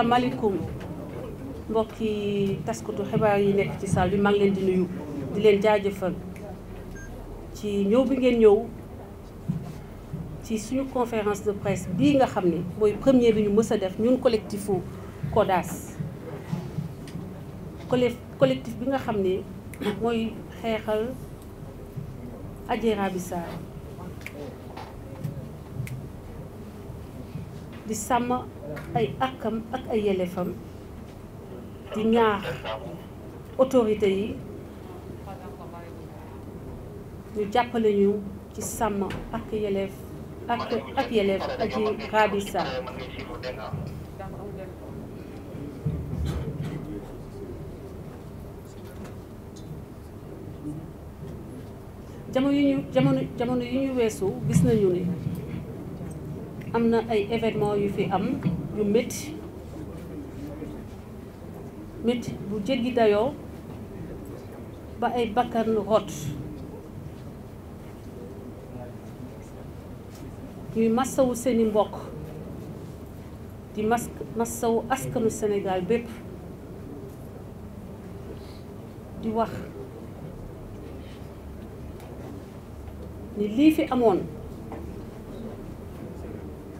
asalaamaaleykum mbokki taskotu xibaar yi nekk ci saal bi maa leen di nuyu di leen jaajëfal ci ñëw bi ngeen ñëw ci suñu conférence de presse bii nga xam ne mooy premier bi ñu mës a def ñun collectifu CODAS collectif bi nga xam ne mooy xeexal Adji Raby Sarr di sàmm ay àkkam ak ay yelefam di ñaax autorité yi ñu jàppale ñu ci sàmm ak yelef ak ak yelef Aji Rabi Sarr yu ñu jamono jamono yu ñu weesu gis nañu ni am na ay événement yu fi am yu métti métti bu jéggi dayoo ba ay bakkan rot ñuy massawu seeni mbokk di mas massawu askanu Sénégal bépp di wax ni lii fi amoon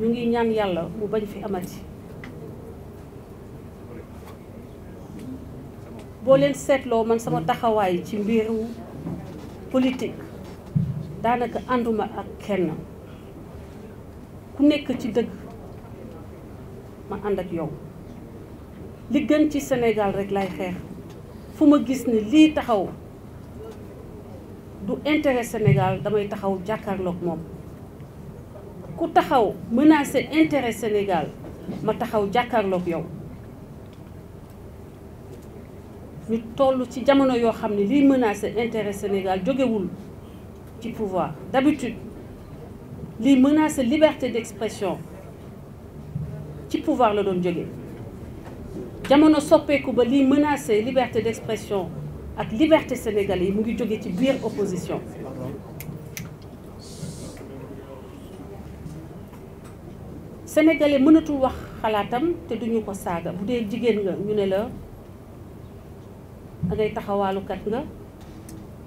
ñu ngi ñaan yàlla mu bañ fi amati boo leen seetloo man sama taxawaay ci mbiru politik daanaka ànduma ak kenn ku nekk ci dëgg ma ànd ak yow li gën ci Sénégal rek lay xeex fu ma gis ni lii taxaw du intérêt Sénégal damay taxaw jàkkaarloog moom ku taxaw menacer intérêt Sénégal ma taxaw jàkkaarloog yow ñu toll ci jamono yoo xam ne liy menacer intérêt Sénégal jógewul ci pouvoir d'habitude liy menacer liberté d'expression ci pouvoir la doon jóge jamono soppeeku ba liy menacer liberté d'expression ak liberté sénégalais yi mu ngi jóge ci biir opposition sénégalais mënatul wax xalaatam te duñu ko saaga bu dee jigéen nga ñu ne la dangay taxawaalukat nga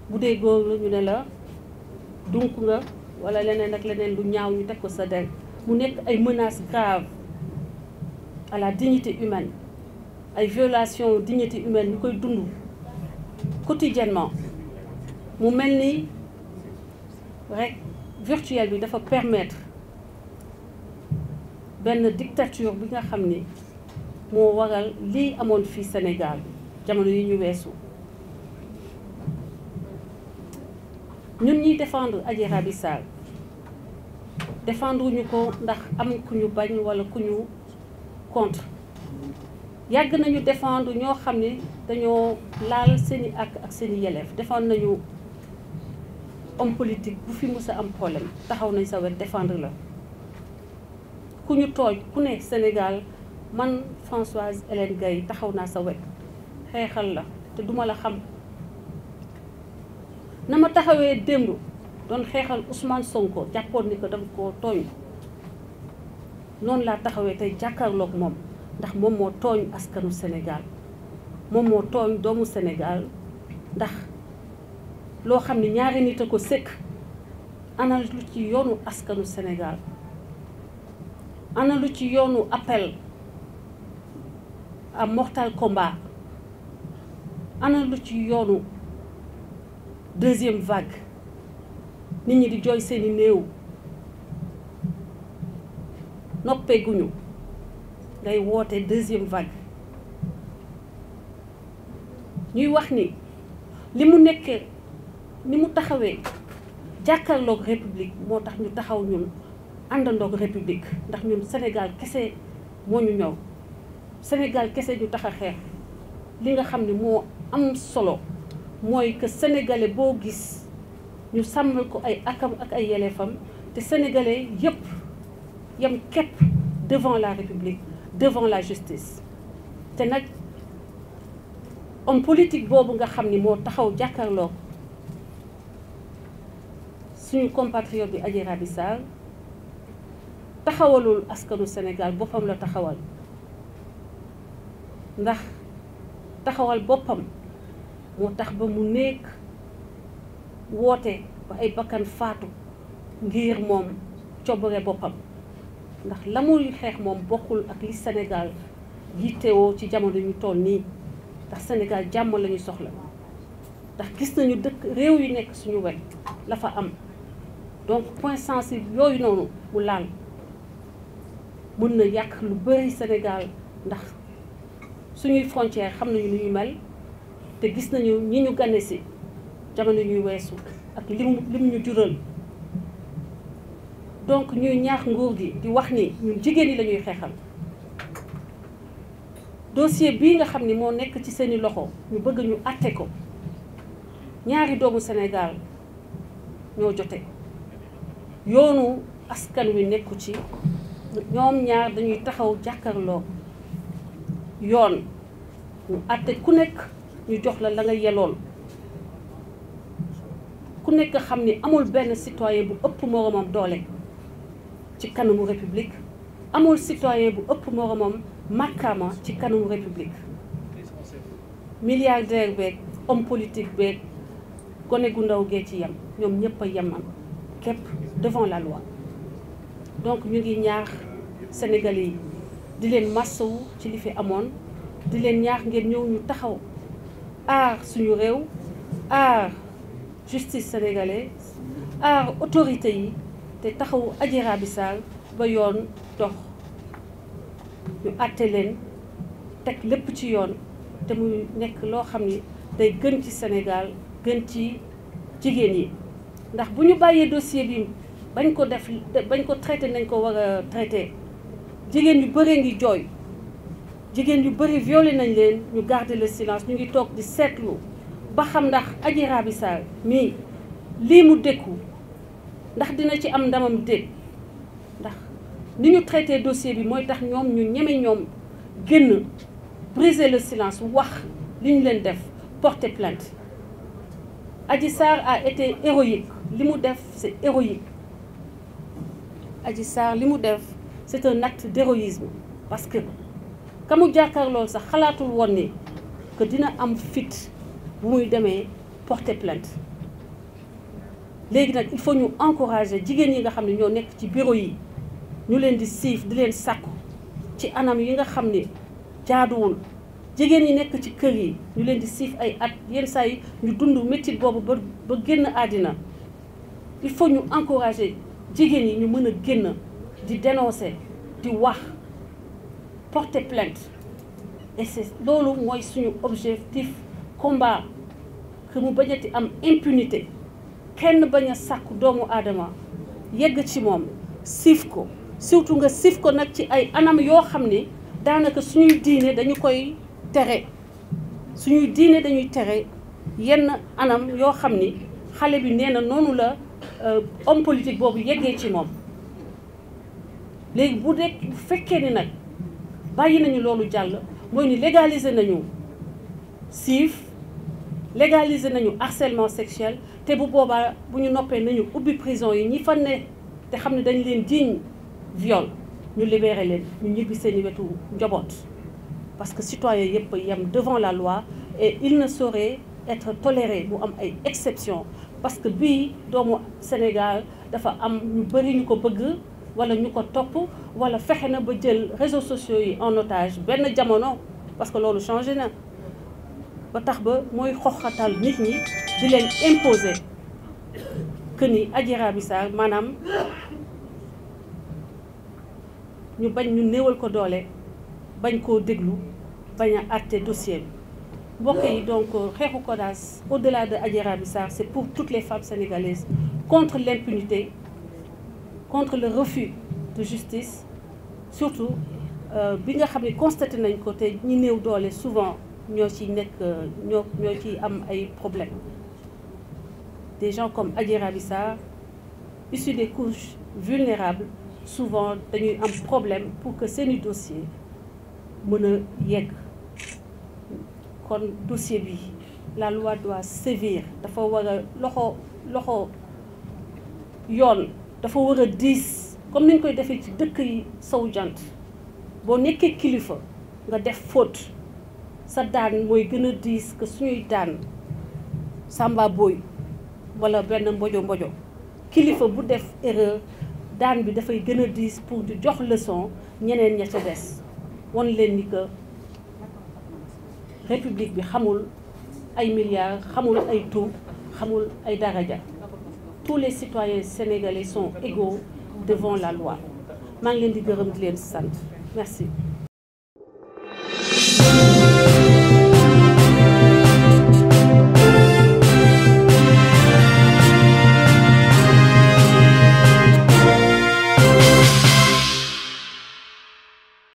bu dee góor la ñu ne la dunk nga wala leneen ak leneen lu ñaaw ñu teg ko sa der mu nekk ay menaces graves à la dignité humaine ay violations dignité humaine ñu koy dund quotidiennement mu mel ni rek virtuel bi dafa permettre benn dictature bi nga xam ne moo waral lii amoon fii Sénégal jamono yi ñu weesu ñun ñuy défendre Adji Raby Sarr ñu ko ndax am ku ñu bañ wala ku ñu contre yàgg nañu défendre ñoo xam ne dañoo laal seeni ak ak seeni yelleef défendre nañu homme politique bu fi mus musa am problème taxaw nañ sa wet défendre la ku ñu tooñ ku ne Sénégal man Françoise Hélène yi taxaw naa sa wet xeexal la te duma la xam na ma taxawee démb doon xeexal Ousmane Sonko jàppoon ni ko dama koo tooñ noonu laa taxawee tey jàkkarlook moom ndax moom moo tooñ askanu Sénégal moom moo tooñ doomu Sénégal ndax loo xam ne ñaari nit a ko sëkk ana ci yoonu askanu Sénégal analu ci yoonu appel am mortal combat ana lu ci yoonu deuxième vague nit ñi di jooy seeni néew noppeeguñu ngay woote deuxième vague ñuy wax ni li mu nekkee ni mu taxawee jàkkaarloog république moo tax ñu taxaw ñun àndandoog république ndax ñun Sénégal kese moo ñu ñëw Sénégal kese ñu tax a xeex li nga xam ne moo am solo mooy que sénégalais boo gis ñu sàmmal ko ay akam ak ay yelleefam te sénégalais yëpp yam képp devant la république devant la justice te nag homme politique boobu nga xam ni moo taxaw jàkkaarloo suñu compatriote bi Adji taxawalul askanu Sénégal boppam la taxawal ndax taxawal boppam moo tax ba mu nekk woote ba ay bakkan faatu ngir moom coobare boppam ndax la yu xeex moom bokkul ak li Sénégal yittewoo ci jamono ñu toll nii ndax senegal jàmm lañuy soxla ndax gis nañu dëkk réew yu nekk suñu wet la fa am donc point sensible yooyu noonu mu laal mun na yàq lu bëri Sénégal ndax suñuy frontière xam nañu nu ñu mel te gis nañu ñi ñu gane si jamono ñuy weesu ak lim lim ñu jural donc ñuy ñaax nguur gi di wax ni ñun jigéen ñi la xeexal dossier bii nga xam ni moo nekk ci seeni loxo ñu bëgg ñu àtte ko ñaari doomu Sénégal ñoo jote yoonu askan wi nekku ci ñoom ñaar dañuy taxaw jàkkarloo yoon ñu àtte ku nekk ñu jox la la nga yeloon ku nekk xam ni amul benn citoyen bu ëpp moromam doole ci kanamu république amul citoyen bu ëpp moromam màkkaama ci kanamu république milliardaire beeg homme politique beeg gone gu ndaw gee ci yem ñoom ñëpp a yemal képp devant la donc ñu ngi ñaax sénégalais yi di leen massawu ci li fi amoon di leen ñaax ngeen ñëw ñu taxaw aar suñu réew aar justice sénégalaise aar autorité yi te taxawu Adji Raby ba yoon dox ñu àtte leen teg lépp ci yoon te muy nekk loo xam ni day gën ci Sénégal gën ci jigéen yi ndax bu ñu bàyyee dossier bi bañ ko def bañ ko traité nañ ko war a traité jigéen yu bëree ngi jooy jigéen yu bëri violé nañ leen ñu garder la silence ñu ngi toog di seetlu ba xam ndax Adji Raby Sarr lii mu dékku ndax dina ci am ndamam dégg ndax ni ñu traité dossier bi mooy tax ñoom ñu ñeme ñoom génn briser le silence wax li ñu leen def porter plant aji Sarr a été héroïque li mu def c'est héroïque Adji Sarr li mu def c'est un natt d'héroïsme parce que kamu mu sax xalaatul woon ni que dina am fit bu muy demee porter plainte léegi nag il faut ñu encourager jigéen yi nga xam ne ñoo nekk ci béro yi ñu leen di siif di leen sàkku ci anam yi nga xam ni jaaduwul jigéen yi nekk ci kër yi ñu leen di siif ay at yenn saa yi ñu dund métit boobu ba ba génn àddina il faut ñu encourager jigéen ñi ñu mën a génn di dénoncer di wax porté plainte et loolu mooy suñu objectif combat que mu bañati am impunité kenn bañ a sàkku doomu aadama yegg ci moom siif ko surtout nga siif ko nag ci ay anam yoo xam ne daanaka suñuy diine dañu koy tere suñuy diine dañuy tere yenn anam yoo xam ni xale bi nee na noonu la Euh, homme politique boobu yeggee ci moom léegi bu dee bu fekkee ni nag bàyyi nañu loolu jàll mooy ni légaliser nañu siif légaliser nañu harcèlement sexuel te bu boobaa bu ñu noppee nañu ubbi prison yi ñi fa ne te xam ne dañ leen jiiñ viol ñu libéré leen ñu ñibbi seeni wetu njaboot parce que citoyen yëpp yem devant la loi et il ne saurait être toléré mu am ay exception parce que bii doomu Sénégal dafa am ñu bëri ñu ko bëgg wala ñu ko topp wala fexe na ba jël réseaux sociaux yi en otage benn jamono parce que loolu changé na ba tax ba mooy xoxatal nit ñi di leen imposer que ni Adji Raby maanaam ñu bañ ñu néewal ko doole bañ koo déglu bañ a àtte dossier mbokk yi donc xeexu CODAS au-delà de Adji Raby Sarr c'est pour toutes les femmes sénégalaises contre l'impunité contre le refus de justice surtout euh, bi nga xam ne constaté nañ ko te néew doole souvent ñoo ciy nekk euh, ñoo ñoo ciy am ay problèmes des gens comme Adji Raby des couches vulnérables souvent dañuy am problème pour que seeni dossier mën a yegg kon dossier bi la loi doit sévir dafa war a loxo loxo yoon dafa war a diis comme niñ koy defee ci dëkk yi sow jant boo nekkee kilifa nga def faute sa daan mooy gën a diis que suñuy daan samba booy wala benn mbojo mbojo kilifa bu def erreur daan bi dafay gën a diis pour di jox leçon ñeneen ña ca des won leen ni que république bi xamul ay milliards xamul ay tout xamul ay daraja tous les citoyens sénégalais sont égaux devant la loi maa ngi leen di gërëm di leen sant merci